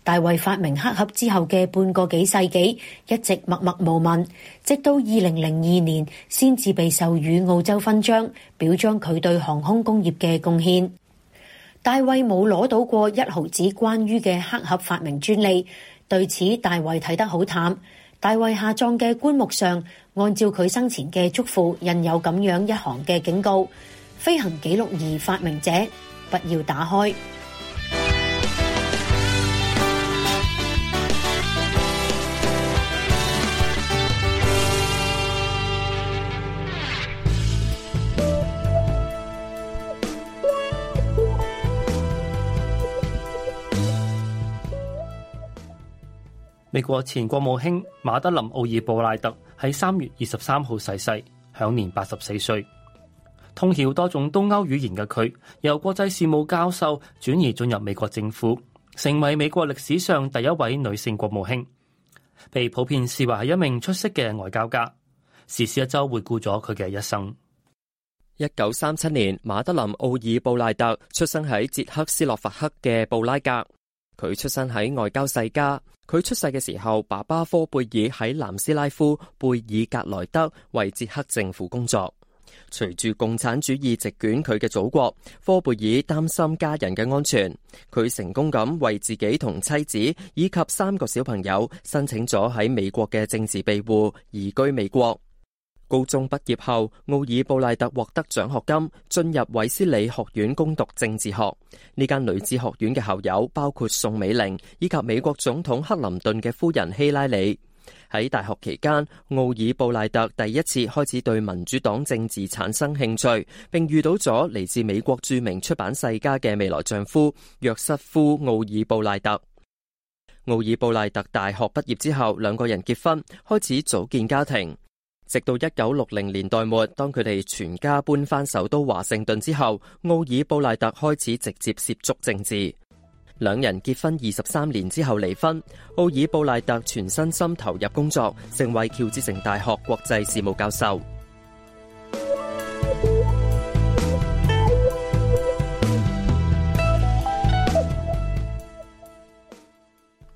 大衛發明黑盒之後嘅半個幾世紀一直默默無聞，直到二零零二年先至被授予澳洲勳章，表彰佢對航空工業嘅貢獻。大衛冇攞到過一毫子關於嘅黑盒發明專利，對此大衛睇得好淡。大衛下葬嘅棺木上，按照佢生前嘅囑咐，印有咁樣一行嘅警告：飛行記錄儀發明者，不要打開。美國前國務卿馬德林奧爾布賴特喺三月二十三號逝世，享年八十四歲。通曉多種東歐語言嘅佢，由國際事務教授轉而進入美國政府，成為美國歷史上第一位女性國務卿。被普遍視為係一名出色嘅外交家。時事一周回顧咗佢嘅一生。一九三七年，馬德林奧爾布賴特出生喺捷克斯洛伐克嘅布拉格。佢出生喺外交世家。佢出世嘅時候，爸爸科貝爾喺南斯拉夫貝爾格萊德為捷克政府工作。隨住共產主義席捲佢嘅祖國，科貝爾擔心家人嘅安全，佢成功咁為自己同妻子以及三個小朋友申請咗喺美國嘅政治庇護，移居美國。高中畢業後，奧爾布賴特獲得獎學金進入韋斯里學院攻讀政治學。呢間女子學院嘅校友包括宋美齡以及美國總統克林頓嘅夫人希拉里。喺大學期間，奧爾布賴特第一次開始對民主黨政治產生興趣，並遇到咗嚟自美國著名出版世家嘅未來丈夫約瑟夫奧爾布賴特。奧爾布賴特大學畢業之後，兩個人結婚，開始組建家庭。直到一九六零年代末，當佢哋全家搬翻首都華盛頓之後，奧爾布賴特開始直接涉足政治。兩人結婚二十三年之後離婚，奧爾布賴特全身心投入工作，成為喬治城大學國際事務教授。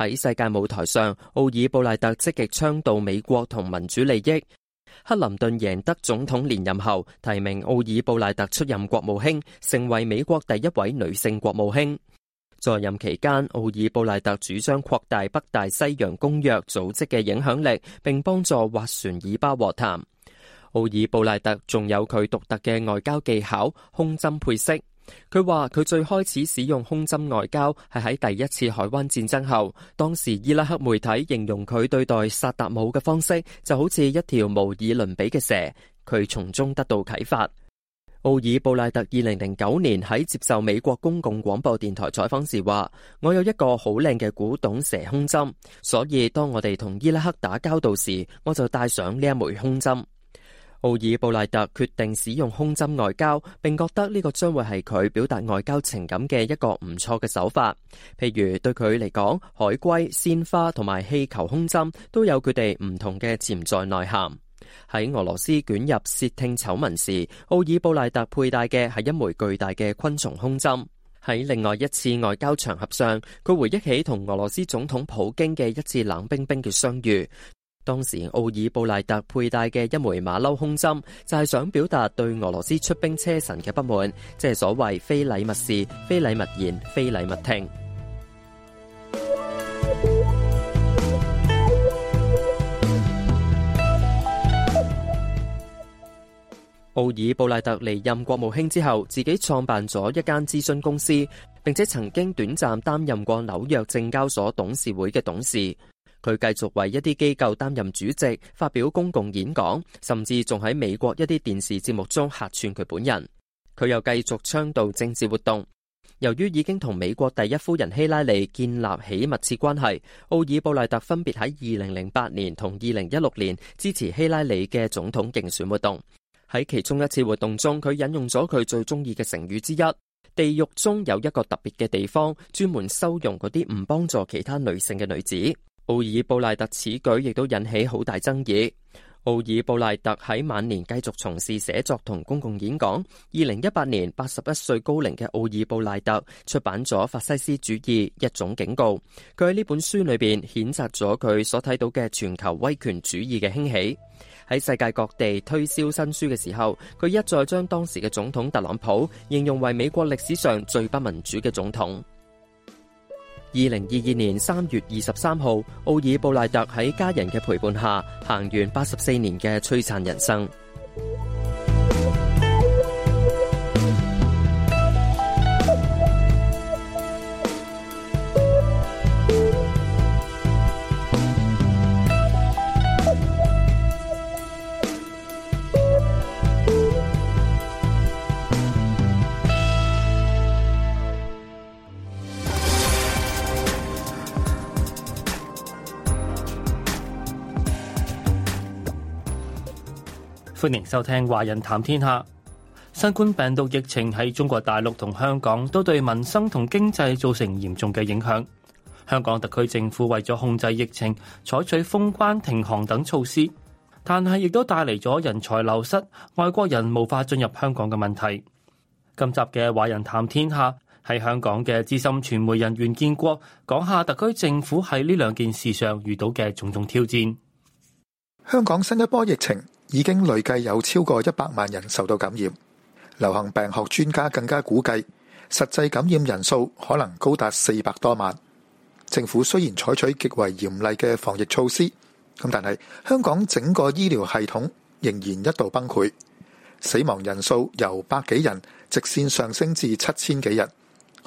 喺世界舞台上，奧爾布賴特積極倡導美國同民主利益。克林頓贏得總統連任後，提名奧爾布賴特出任國務卿，成為美國第一位女性國務卿。在任期間，奧爾布賴特主張擴大北大西洋公約組織嘅影響力，並幫助斡旋以巴和談。奧爾布賴特仲有佢獨特嘅外交技巧，胸針配色。佢話佢最開始使用胸針外交係喺第一次海灣戰爭後，當時伊拉克媒體形容佢對待薩達姆嘅方式就好似一條無與倫比嘅蛇。佢從中得到啟發。奧爾布賴特二零零九年喺接受美國公共廣播電台採訪時話：我有一個好靚嘅古董蛇胸針，所以當我哋同伊拉克打交道時，我就戴上呢一枚胸針。奧爾布賴特決定使用胸針外交，並覺得呢個將會係佢表達外交情感嘅一個唔錯嘅手法。譬如對佢嚟講，海龜、鮮花同埋氣球胸針都有佢哋唔同嘅潛在內涵。喺俄羅斯捲入竊聽醜聞時，奧爾布賴特佩戴嘅係一枚巨大嘅昆蟲胸針。喺另外一次外交場合上，佢回憶起同俄羅斯總統普京嘅一次冷冰冰嘅相遇。當時奧爾布賴特佩戴嘅一枚馬騮胸針，就係想表達對俄羅斯出兵車臣嘅不滿，即係所謂非禮勿視、非禮勿言、非禮勿聽。奧爾布賴特離任國務卿之後，自己創辦咗一間諮詢公司，並且曾經短暫擔任過紐約證交所董事會嘅董事。佢繼續為一啲機構擔任主席，發表公共演講，甚至仲喺美國一啲電視節目中客串佢本人。佢又繼續倡導政治活動。由於已經同美國第一夫人希拉里建立起密切關係，奧爾布賴特分別喺二零零八年同二零一六年支持希拉里嘅總統競選活動。喺其中一次活動中，佢引用咗佢最中意嘅成語之一：地獄中有一個特別嘅地方，專門收容嗰啲唔幫助其他女性嘅女子。奧爾布賴特此舉亦都引起好大爭議。奧爾布賴特喺晚年繼續從事寫作同公共演講。二零一八年八十一歲高齡嘅奧爾布賴特出版咗《法西斯主義：一種警告》，佢喺呢本書裏邊譴責咗佢所睇到嘅全球威權主義嘅興起。喺世界各地推銷新書嘅時候，佢一再將當時嘅總統特朗普形容為美國歷史上最不民主嘅總統。二零二二年三月二十三號，奧爾布賴特喺家人嘅陪伴下，行完八十四年嘅璀璨人生。歡迎收聽《華人談天下》。新冠病毒疫情喺中國大陸同香港都對民生同經濟造成嚴重嘅影響。香港特區政府為咗控制疫情，採取封關、停航等措施，但係亦都帶嚟咗人才流失、外國人無法進入香港嘅問題。今集嘅《華人談天下》係香港嘅資深傳媒人袁建國講下特區政府喺呢兩件事上遇到嘅種種挑戰。香港新一波疫情。已經累計有超過一百萬人受到感染，流行病學專家更加估計，實際感染人數可能高達四百多萬。政府雖然採取極為嚴厲嘅防疫措施，咁但係香港整個醫療系統仍然一度崩潰，死亡人數由百幾人直線上升至七千幾人，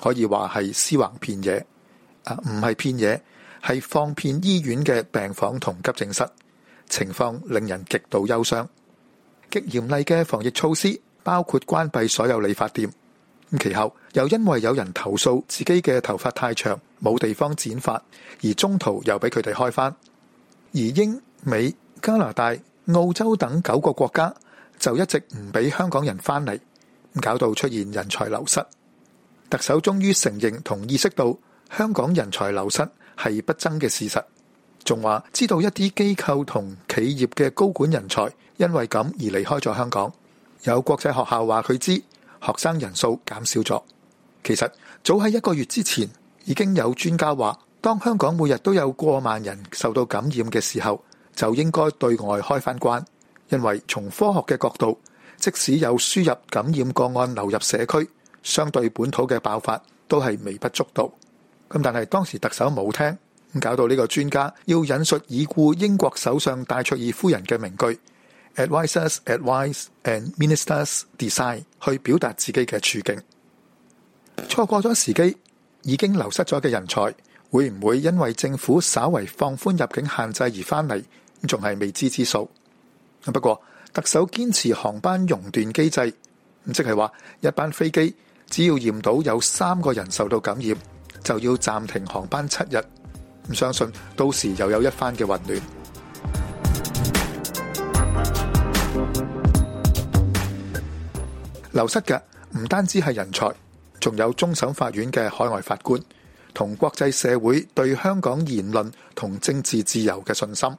可以話係屍橫遍野，啊唔係遍野，係放遍醫院嘅病房同急症室。情況令人極度憂傷。極嚴厲嘅防疫措施包括關閉所有理髮店。其後又因為有人投訴自己嘅頭髮太長，冇地方剪髮，而中途又俾佢哋開翻。而英美、加拿大、澳洲等九個國家就一直唔俾香港人翻嚟，搞到出現人才流失。特首終於承認同意識到香港人才流失係不爭嘅事實。仲話知道一啲機構同企業嘅高管人才因為咁而離開咗香港，有國際學校話佢知學生人數減少咗。其實早喺一個月之前已經有專家話，當香港每日都有過萬人受到感染嘅時候，就應該對外開返關，因為從科學嘅角度，即使有輸入感染個案流入社區，相對本土嘅爆發都係微不足道。咁但係當時特首冇聽。搞到呢個專家要引述已故英國首相戴卓爾夫人嘅名句：“Advisers advise and ministers decide”，去表達自己嘅處境。錯過咗時機，已經流失咗嘅人才會唔會因為政府稍為放寬入境限制而返嚟？仲係未知之數。不過特首堅持航班熔斷機制，即係話一班飛機只要驗到有三個人受到感染，就要暫停航班七日。唔相信，到時又有一番嘅混亂。流失嘅唔單止係人才，仲有終審法院嘅海外法官，同國際社會對香港言論同政治自由嘅信心。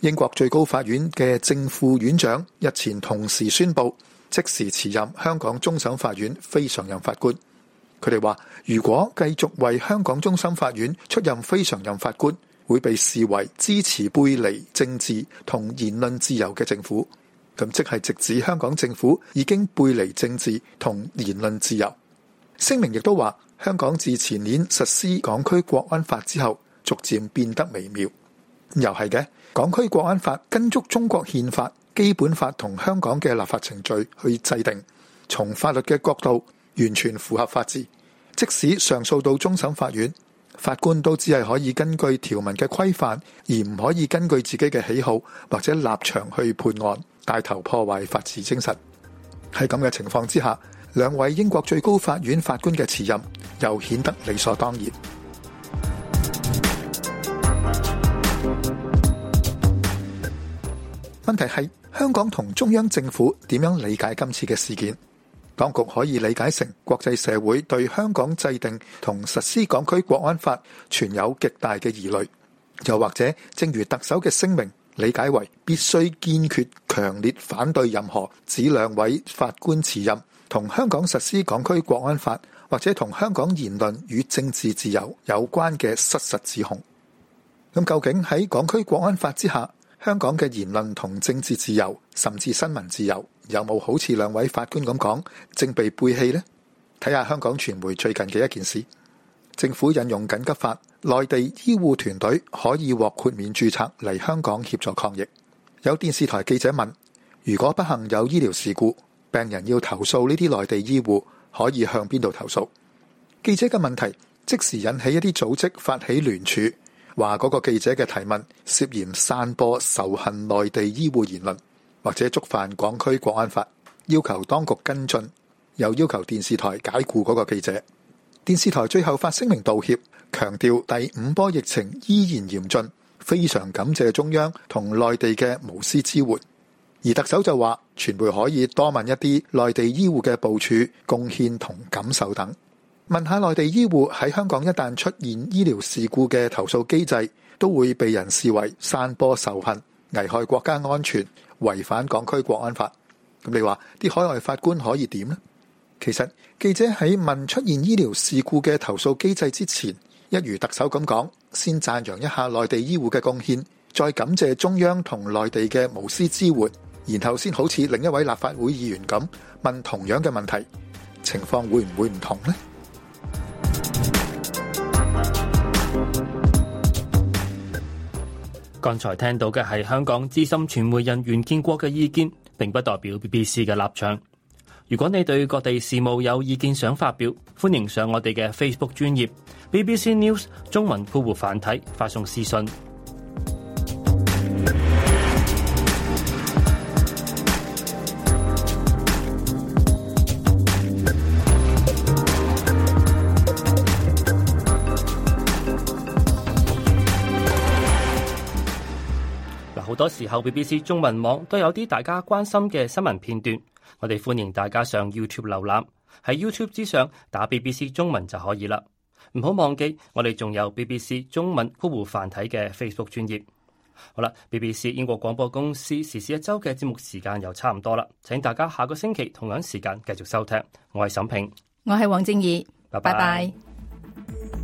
英國最高法院嘅正副院長日前同時宣布，即時辭任香港終審法院非常任法官。佢哋話：如果繼續為香港終審法院出任非常任法官，會被視為支持背離政治同言論自由嘅政府，咁即係直指香港政府已經背離政治同言論自由。聲明亦都話：香港自前年實施港區國安法之後，逐漸變得微妙。又係嘅，港區國安法跟足中國憲法、基本法同香港嘅立法程序去制定，從法律嘅角度。完全符合法治，即使上訴到終審法院，法官都只係可以根據條文嘅規範，而唔可以根據自己嘅喜好或者立場去判案，帶頭破壞法治精神。喺咁嘅情況之下，兩位英國最高法院法官嘅辭任，又顯得理所當然。 問題係香港同中央政府點樣理解今次嘅事件？當局可以理解成國際社會對香港制定同實施港區國安法存有極大嘅疑慮，又或者正如特首嘅聲明理解為必須堅決、強烈反對任何指兩位法官辭任同香港實施港區國安法或者同香港言論與政治自由有關嘅失實指控。咁究竟喺港區國安法之下，香港嘅言論同政治自由，甚至新聞自由，有冇好似兩位法官咁講，正被背棄呢？睇下香港傳媒最近嘅一件事，政府引用緊急法，內地醫護團隊可以獲豁免註冊嚟香港協助抗疫。有電視台記者問：如果不幸有醫療事故，病人要投訴呢啲內地醫護，可以向邊度投訴？記者嘅問題即時引起一啲組織發起聯署，話嗰個記者嘅提問涉嫌散播仇恨內地醫護言論。或者觸犯港區國安法，要求當局跟進，又要求電視台解雇嗰個記者。電視台最後發聲明道歉，強調第五波疫情依然嚴峻，非常感謝中央同內地嘅無私支援。而特首就話，傳媒可以多問一啲內地醫護嘅部署、貢獻同感受等，問下內地醫護喺香港一旦出現醫療事故嘅投訴機制，都會被人視為散播仇恨。危害國家安全、違反港區國安法，咁你話啲海外法官可以點呢？其實記者喺問出現醫療事故嘅投訴機制之前，一如特首咁講，先讚揚一下內地醫護嘅貢獻，再感謝中央同內地嘅無私支援，然後先好似另一位立法會議員咁問同樣嘅問題，情況會唔會唔同呢？」剛才聽到嘅係香港資深傳媒人袁建國嘅意見，並不代表 BBC 嘅立場。如果你對各地事務有意見想發表，歡迎上我哋嘅 Facebook 專頁 BBC News 中文括弧繁體發送私信。多時候 BBC 中文網都有啲大家關心嘅新聞片段，我哋歡迎大家上 YouTube 瀏覽。喺 YouTube 之上打 BBC 中文就可以啦。唔好忘記，我哋仲有 BBC 中文呼湖，湖繁體嘅 Facebook 專頁。好啦，BBC 英國廣播公司時事一周嘅節目時間又差唔多啦。請大家下個星期同樣時間繼續收聽。我係沈平，我係王正義，拜拜。